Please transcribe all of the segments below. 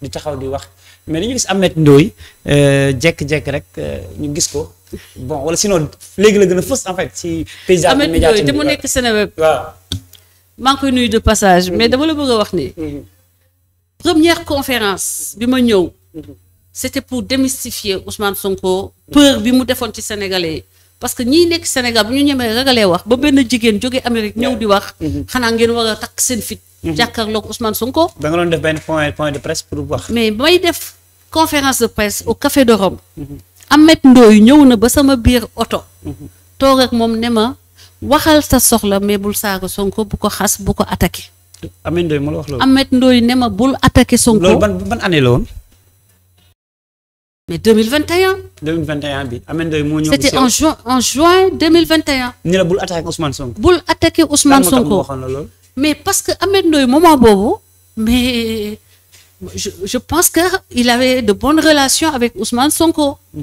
di taxaw di wax mais dañu gis Ameth Ndoye euh, jékki-jékki rek euh, ñu gis ko bon wala sinon léegi la gën a fës en fait si paysage Ameth Ndoye te mu nekk Seneweb waaw maa ngi koy nuyu de passage mais dama la bëgg a wax ni mhm. Mhm. première conférence bi ma ñëw c'était pour démystifier Ousmane Sonko peur bi mu defoon ci sénégalais yi parce que ñii nekk Sénégal bu ñu ñemee ragalee wax ba benn jigéen jóge Amérique ñëw di wax mhm. xanaa ngeen war takk seen fit Mhm. jàkkaarloog Ousmane Sonko. da nga doon def benn point point de presse pour wax. mais may def conférence de presse au Café de Rome. Mhm. Ameth Ndoye ñëw na ba sama biir oto. Mhm. toog ak moom ne ma waxal sa soxla mais bul saaga Sonko bu ko xas bu ko attaqué. Ameth Ndoye ma la wax loolu. Ameth Ndoye ne ma bul attaqué Sonko loolu ban ban année la woon. mais 2021. 2021 bi Ameth Ndoye moo ñëw. c'était en juin en juin 2021. ñu ne bul attaqué Ousmane Sonko. bul attaqué Ousmane Sonko. mais parce que Ahmed Ndoye moment boobu mais je je pense que il avait de bonnes relations avec Ousmane Sonko. Mm-hmm.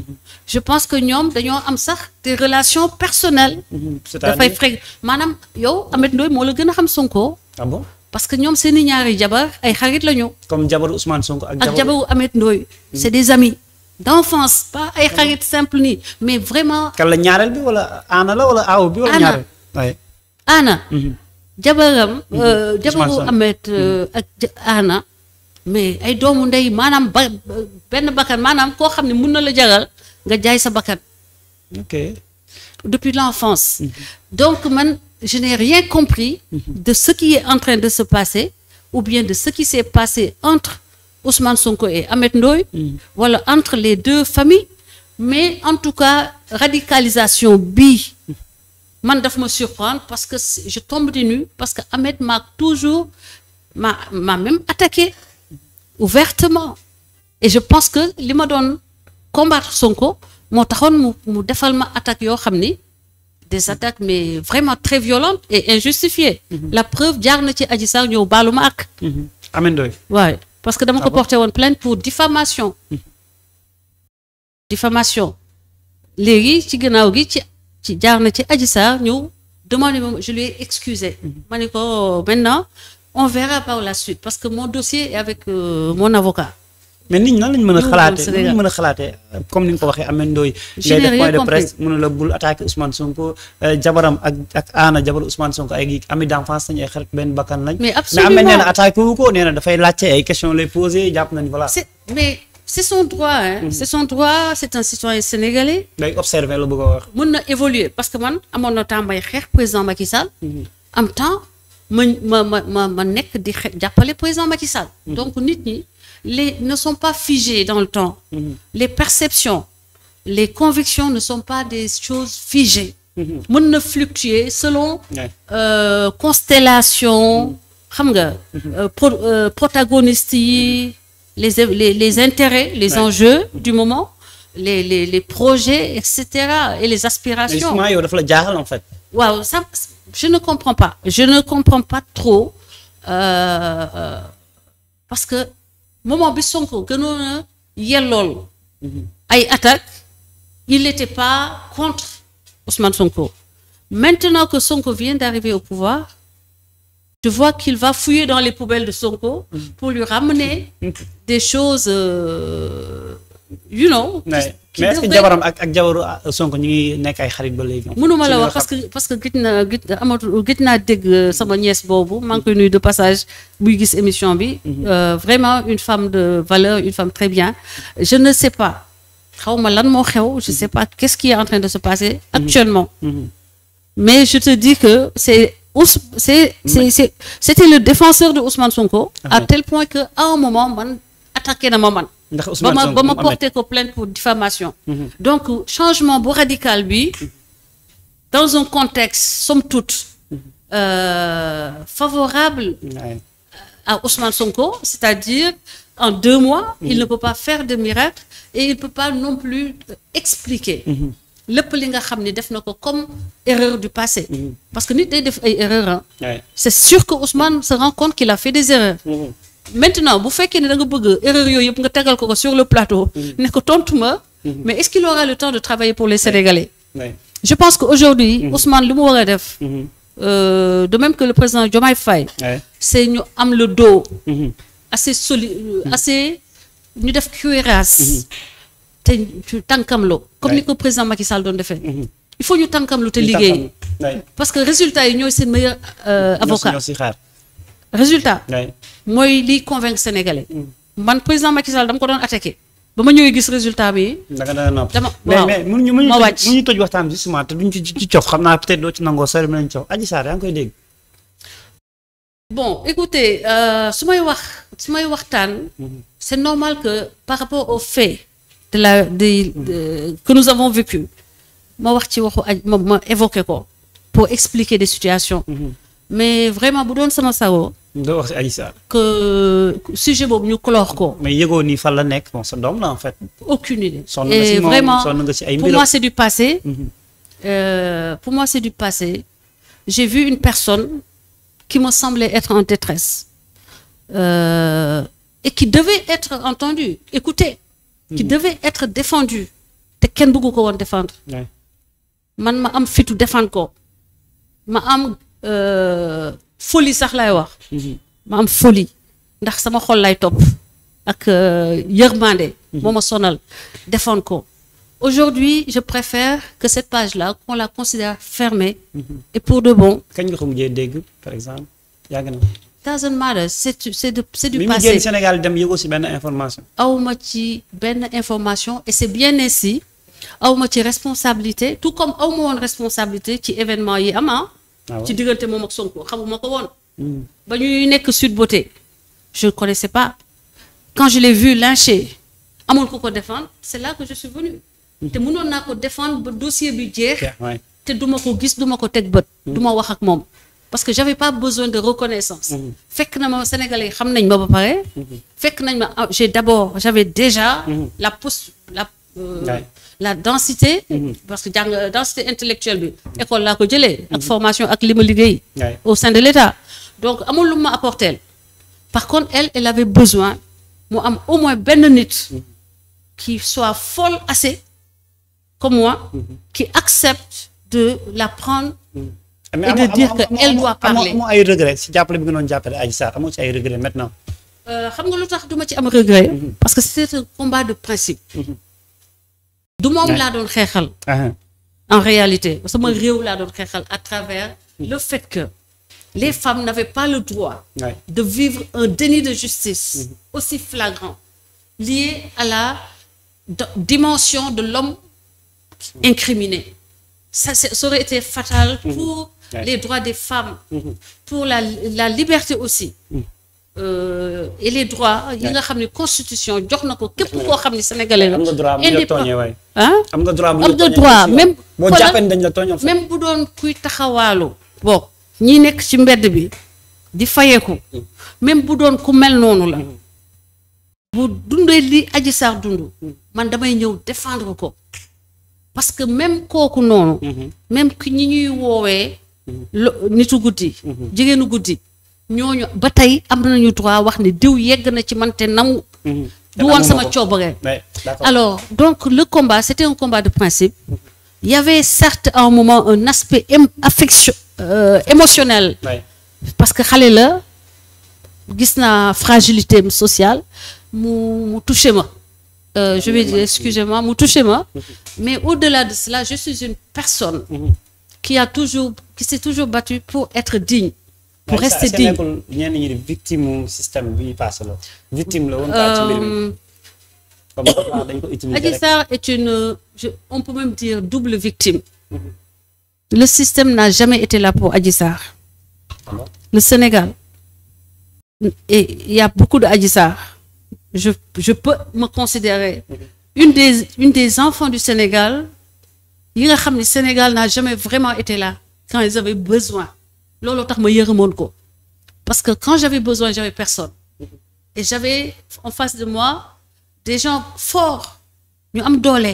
je pense que ñoom dañoo am sax des relations personnelles. Mm-hmm. dafay maanaam yow Ahmed Ndoye moo la gën a xam Sonko. ah bon parce que ñoom seen i ñaari jabar ay xarit la ñu. comme jabaru Ousmane Sonko ak. jabaru ak jabaru Ahmed mm-hmm. c'est des amis. d'enfance pas ay xarit simple ni mais vraiment. kan la ñaareel bi wala aana la wala aaw bi. wala ñaareel jabaram mm-hmm. euh, jabaru Ameth euh, mm-hmm. ak Anna mais ay doomu ndey maanaam ba benn bakkan maanaam koo xam ne mun na la jaral nga jaay sa bakkan ok depuis l'enfance mm-hmm. donc man je n'ai rien compris de ce qui est en train de se passer ou bien de ce qui s'est passé entre Ousmane Sonko et Ameth Ndoye wala entre les deux familles mais en tout cas radicalisation bi man daf ma surprendre parce que je tombe des nues parce que Ahmed m'a toujours m'a m'a même attaqué ouvertement et je pense que li ma doon combattre Sonko moo taxoon mu mu defal ma attaque yoo xam ni des attaques mais vraiment très violentes et injustifiées. Mm la preuve jaar na ci Adji Sarr balu baalu ma ak. Mhm. Ameth parce que dama ah ko porté woon plainte pour diffamation. Mhm. diffamation léegi ci gannaaw gi ci jaar na ci Adji Sarr ñëw demandé moom je lui ai excusé mhm. ma ne ko oh, maintenant on verra par la suite parce que mon dossier est avec euh, mën a xalaatee mën a xalaatee comme ni nga ko waxee Ameth Ndoye ngay def point de presse mu ne la bul attaqué Ousmane Sonko euh, jabaram ak ak Anna jabar Ousmane Sonko ay ami d'enfance lañ ay xarit benn bakkan lañ mais Ameth nee na ko nee dafay laajte ay question lay posé jàpp nañ voilà c'est son droit hein. Mm -hmm. c'est son droit c'est un citoyen sénégalais. day observé lu bëgg a wax. mën na évoluer parce que man amoon na temps may xeex président Macky Sall. Mhm. am temps ma ma ma ma nekk di xe jàppale président Macky Sall. Mhm. donc nit ñi les ne sont pas figés dans le temps. Mm -hmm. les perceptions les convictions ne sont pas des choses figées. Mhm. mën na fluctuer selon. Ouais. Euh, constellation. xam nga. Euh, pro euh, protagonistes yi. les, les, les intérêts, les right. enjeux du moment, les, les, les projets, etc. et les aspirations. Mais yow dafa la jaaxal en fait. je ne comprends pas je ne comprends pas trop euh, euh, parce que moment bi Sonko gënoon a yellool mhm. ay attaques il n'était pas contre Ousmane Sonko maintenant que Sonko vient d'arriver au pouvoir je vois qu'il va fouiller dans les poubelles de Sonko pour lui ramener mm. des choses euh, you know. Ouais. mais est-ce que ak ak jabaru euh, Sonko ñu nekk ay xarit ba léegi. mënuma la wax parce que parce que gis naa gis amatul gis naa dégg euh, sama nièce boobu maa ngi koy nuyu de passage buy gis émission bi. Mm-hmm. Euh, vraiment une femme de valeur une femme très bien je ne sais pas xaw ma lan moo xew je ne sais mm-hmm. pas qu'est-ce qui est en train de se passer mm-hmm. actuellement. mais je te dis que c'est Ous c'est c'est c'était le défenseur de Ousmane Sonko. Ah, à tel point que à un moment man attaqué na ma man. ndax Ousmane Sonko ba diffamation. Mhm. donc changement bu radical bi dans un contexte somme toute mhm. euh, favorable. à Ousmane Sonko c'est-à-dire en deux mois. il mhm. ne peut pas faire de miracle et il ne peut pas non plus expliquer. lépp li nga xam ni def na ko comme erreur du passé mm. parce que nit day def ay erreur ah c'est sûr que Ousmane se rend qu'il a fait des erreurs mm. maintenant bu fekkee ne da nga bëgg erreur yooyu yëpp nga tegal ko ko sur le plateau mm. ne ko tontu ma mais est-ce qu'il aura le temps de travailler pour les Sénégalais je pense que aujourd'hui mm-hmm. Ousmane lu mu war a def mm-hmm. euh, de même que le président Diomaye Faye c'est ñu am le dos mm-hmm. assez solide euh, assez ñu def cuirasse te ñu tànkamloo comme ni ko président Macky Sall doon defee mhm. il faut ñu tànkamlu te liggéey parce que résultat yi ñooy seen meilleur euh, avocat résultat mooy liy convaincre sénégalais mhm. man président Macky Sall dama ko doon attaqué ba ma ñëwee gis résultat bi. danga dana nopp dama waaw mais mais mënuñu mënuñu toj waxtaan bi justement te duñ ñu ci cof xam naa peut-être doo ci nangoo sori nañ cof Adji Sarr yaa ngi koy dégg. bon écoutez euh, su may wax su may waxtaan. Mhm. c'est normal que par rapport de la de, de que nous avons vécu ma wax ci waxu aj ma ma évoqué ko pour expliquer des situations. Mm-hmm. mais vraiment bu doon sama sago. nga wax si Adji Sarr que sujet boobu ñu ko. mais yëgoo ni fan la nekk bon sa doom en fait. aucune idée sonn nga si nga si ay mbir pour moi c'est du passé. Mm-hmm. Euh, pour moi c'est du passé. j'ai vu une personne qui me semblait être en détresse euh, et qui devait être entendue, écoutée. qui devait être défendu te kenn bëggu ko woon défendre man ma am fitu défendre ko ma am euh, folie sax lay wax mhm. ma am folie ndax sama xol lay topp ak euh, yërmande mhm. moo ma sonal défendre ko aujourd'hui je préfère que cette page la considère fermée mhm. et pour de bon kañ nga mu mujjee dégg par exemple yàgg na doesn't matter c'est c'est du c'est du passé mi génn Sénégal dem yëgoo si benn information. awma ci benn information et c'est bien ainsi ma ci responsabilité tout comme aw ma woon responsabilité ci événement yi am ah. ah ci diggante moom ak Sonko xamuma ko woon. Hmm. ba ñuy nekk Sud Beauté je ne connaissais pas quand je l'ai vu lyncher amul ko ko défendre c'est là que je suis venue. Hmm. te mënoon naa ko défendre ba dossier bi jeex. te duma ko gis duma ko teg bët. Hmm. duma wax ak moom. parce que j'avais pas besoin de reconnaissance mhm. fekk na ma sénégalais yi xam nañ ma ba pare mhm. fekk nañ ma ah, j'ai d'abord j'avais déjà mhm. la post la euh, la densité parce que jàng euh, densité intellectuelle bi école laa ko jëlee ak formation ak li ma liggéey au sein de l'État donc amul lu ma apporteel par contre elle elle avait besoin mu am au moins benn nit qui soit folle assez comme moi qui accepte de la prendre et de dire que elle doit parler si jàppale bi nga doon jàppale Adji Sarr ci ay regret maintenant. Euh, xam nga lu tax du ma ci am regret. Mm-hmm. parce que c'est un combat de principe. Mm-hmm. du moom laa doon xeexal. Uh-huh. en réalité sama réew laa doon xeexal à travers mm-hmm. le fait que les femmes n'avaient pas le droit. de vivre un déni de justice. aussi flagrant lié à la dimension de l'homme incriminé. Ça, ça fatal pour. les droits des femmes, mhm. pour la, la liberté aussi. Mhm. Euh, et les droits yi nga xam ne constitution jox na ko képp koo xam ne sénégalais la. indépendant am nga droit bu ñu la am nga droit même. boo dañ la tooñal même bu doon kuy taxawaalu. boog ñi nekk ci mbedd bi di fayeeku mhm. même bu doon ku mel noonu la. bu dundee li aji saar dund. man damay ñëw défendre ko. parce que même kooku noonu. même ki ñi ñuy woowee. nitu guddi. Mhm. jigéenu guddi ñooñu ba tey am nañu droit wax ne diw yegg na ci mante te namu. Mhm. du woon sama coobare. alors donc le combat c'était un combat de principe. il y avait certes à un moment un aspect euh, émotionnel. parce que xale la gis na fragilité sociale mu mu ma. Euh, je mu touché ma mhm. mais au-delà de cela je suis une personne. qui a toujours qui s'est toujours battu pour être digne. pour rester digne ñenn la. victime la woon ci euh, est une on peut même dire double victime. Mhm. le système n'a jamais été là pour Adji le Sénégal. et il y a beaucoup de je peux me considérer mhm. une des enfants du Sénégal. yi nga xam ne Sénégal n'a jamais vraiment été là quand ils avaient besoin looloo tax ma yërëmoon ko parce que quand j'avais besoin j'avais personne et j'avais en face de moi des gens forts ñu am doole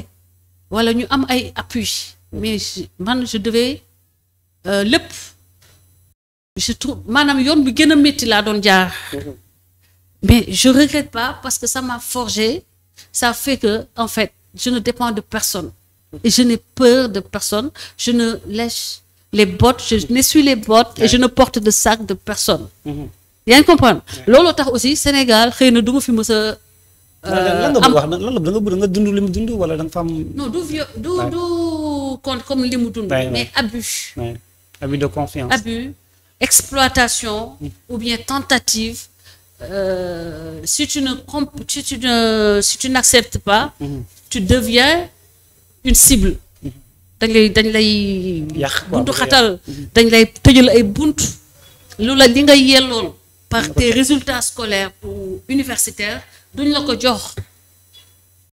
wala ñu am ay appui mais man je devais euh, lépp je trouve maanaam yoon bi gën a métti laa doon jaar mais je regrette pas parce que ça m'a forgé ça fait que en fait je ne dépends de personne Et je n'ai peur de personne. Je ne lèche les bottes, je n'essuie les bottes et je ne porte de sac de personne. Mm-hmm. yaa ngi comprendre looloo tax aussi Sénégal xëy na du ma fi mës a. Euh, lan nga wax lan la da nga bëgg nga dund li mu dund wala da nga fa am. non du vieux du du compte comme li mu dund. mais abus. abus de confiance. abus exploitation. Mm. ou bien tentative. Euh, si tu ne si tu ne si tu n'acceptes pas. Mm-hmm. tu deviens une cible. dañ lay dañ lay. yàq buntu xatal mm-hmm. dañ lay tëjal ay bunt lu la li nga yelloon par tes résultats scolaires ou universitaires duñ la ko jox.